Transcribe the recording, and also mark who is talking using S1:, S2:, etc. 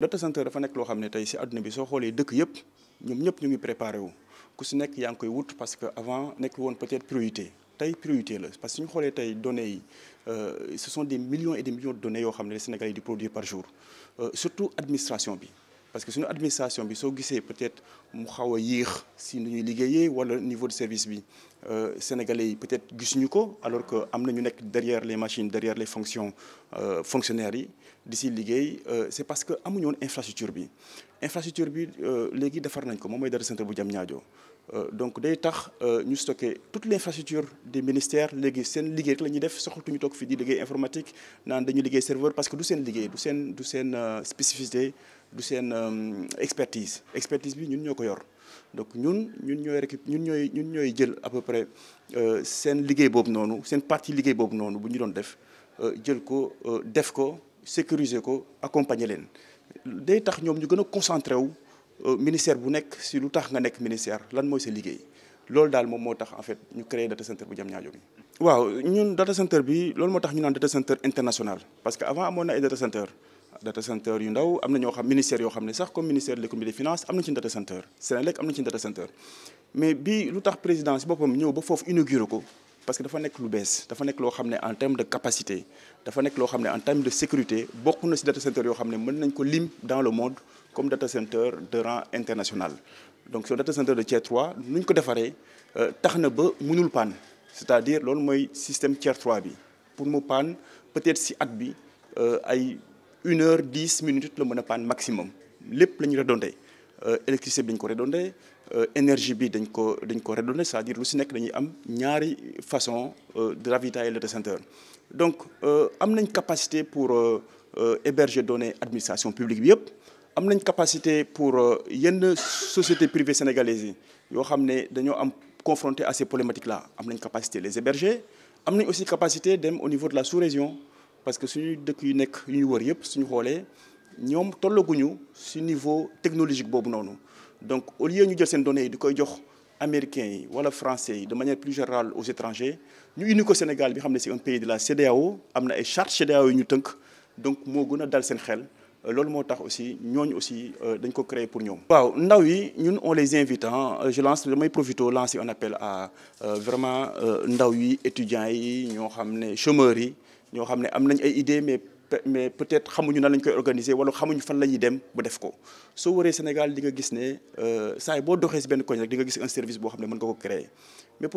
S1: data center dafa nek lo xamné ne ci aduna bi so xolé dëkk yëpp ñom ñëpp ñu ngi préparé wu ku ci nek yang koy wut parce que avant nek won peut-être priorité tay priorité la parce que ñu xolé tay données yi euh, ce sont des millions et des millions de données yo xamné les Sénégalais di produire par jour euh, surtout administration bi parce que suñu administration bi soo gisee peut-être mu xaw a si nu ñuy liggéeyee wala niveau de service bi euh, sénégalais yi peut-être gisuñu ko alors que am na ñu derrière les machines derrière les fonctions euh, fonctionnaires yi di si euh, c'est parce que amuñu infrastructure bi infrastructure bi léegi defar nañ ko moom mooy dara centre bu Diamniadio donc day tax ñu stocké toute l'infrastructure des ministères léegi seen liggéey rek la ñuy def soxlatuñu toog fii di liggéey informatique naan dañu liggéey serveur parce que du seen liggéey du seen du spécificité du seen euh, expertise expertise bi ñun ñoko yor donc ñun ñun ñoy récup ñun ñoy ñun ñoy jël à peu près euh, seen liggéey boobu bob seen partie liggéey boobu noonu bu ñu don def euh, jël ko def ko sécuriser ko accompagner leen day tax ñom ñu gëna concentré wu ministère bu nekk si lu tax nga nek ministère lan moy sa liguey lool dal mom motax en fait ñu créer data center bu Diamniadio bi waaw ñun data center bi lool motax ñu nan data center international parce que avant amoon data center data center yu ndaw amna ñoo xam ministère yo xamné sax comme ministère de l'économie des finances amna ci data center Senelec am na ci data center mais bi lutax président ci bopam ñew ba fofu inaugurer ko parce que dafa nek lu bess dafa nek lo xamné en terme de capacité dafa nek lo xamné en terme de sécurité bokku na ci data center yo xamné ne mën nañ ko lim dans le monde comme data center de rang international donc so data center de Tier 3 nuñ ko défaré euh, tax na ba mënul panne c'est-à-dire lool moy système Tier 3 bi pour mu panne peut-être si at bi euh, ay une heure dix minutes le monopole maximum Les lañu ñu euh électricité l'électricité dañ ko euh, énergie bi dañ ko c'est-à-dire lu nous nek dañuy am façon euh, de ravitailler le data Donc, donc euh, am une capacité pour héberger données administration publique bi yépp. am nañ capacité pour yenn société privée sénégalaise yo xamné xam am confronté à ces problématiques là am une capacité les héberger am nañ aussi capacité au niveau de la sous-région parce que suñu dëkk yu nekk yu ñu wër yëpp suñu xoolee ñoom tollaguñu si niveau technologique boobu noonu donc au lieu ñu jël seen données yi di koy jox américains yi wala français yi de manière plus générale aux étrangers ñu indi ko Sénégal bi xam ne c'est un pays de la cdao am na ay chartes CEDEAO yi ñu tënk donc moo gën a dal seen xel loolu moo tax aussi ñooñu aussi euh, dañ ko créer pour ñoom. waaw ndaw yi ñun on les invite ah je lance damay profito lancer un appel à euh, vraiment ndaw yi étudiants yi ñoo xam ne chômeurs yi ñoo xamné am nañ ay idées mais mais peut-être xamuñu nan lañ koy organiser wala xamuñu fan lañuy dem bu def ko so waree Sénégal di nga gis ne euh, saa yi boo doxee si benn koñ rek di nga gis un service bo xamné ne mën nga ko créer mais